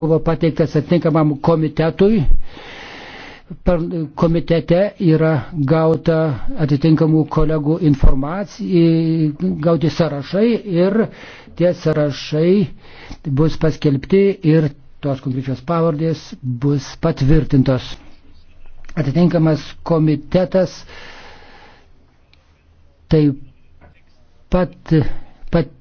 buvo pateiktas atinkamam komitetui. Per komitete yra gauta atitinkamų kolegų informacija, gauti sąrašai ir tie sąrašai bus paskelbti ir tos konkrečios pavardės bus patvirtintos. Atitinkamas komitetas taip pat, pat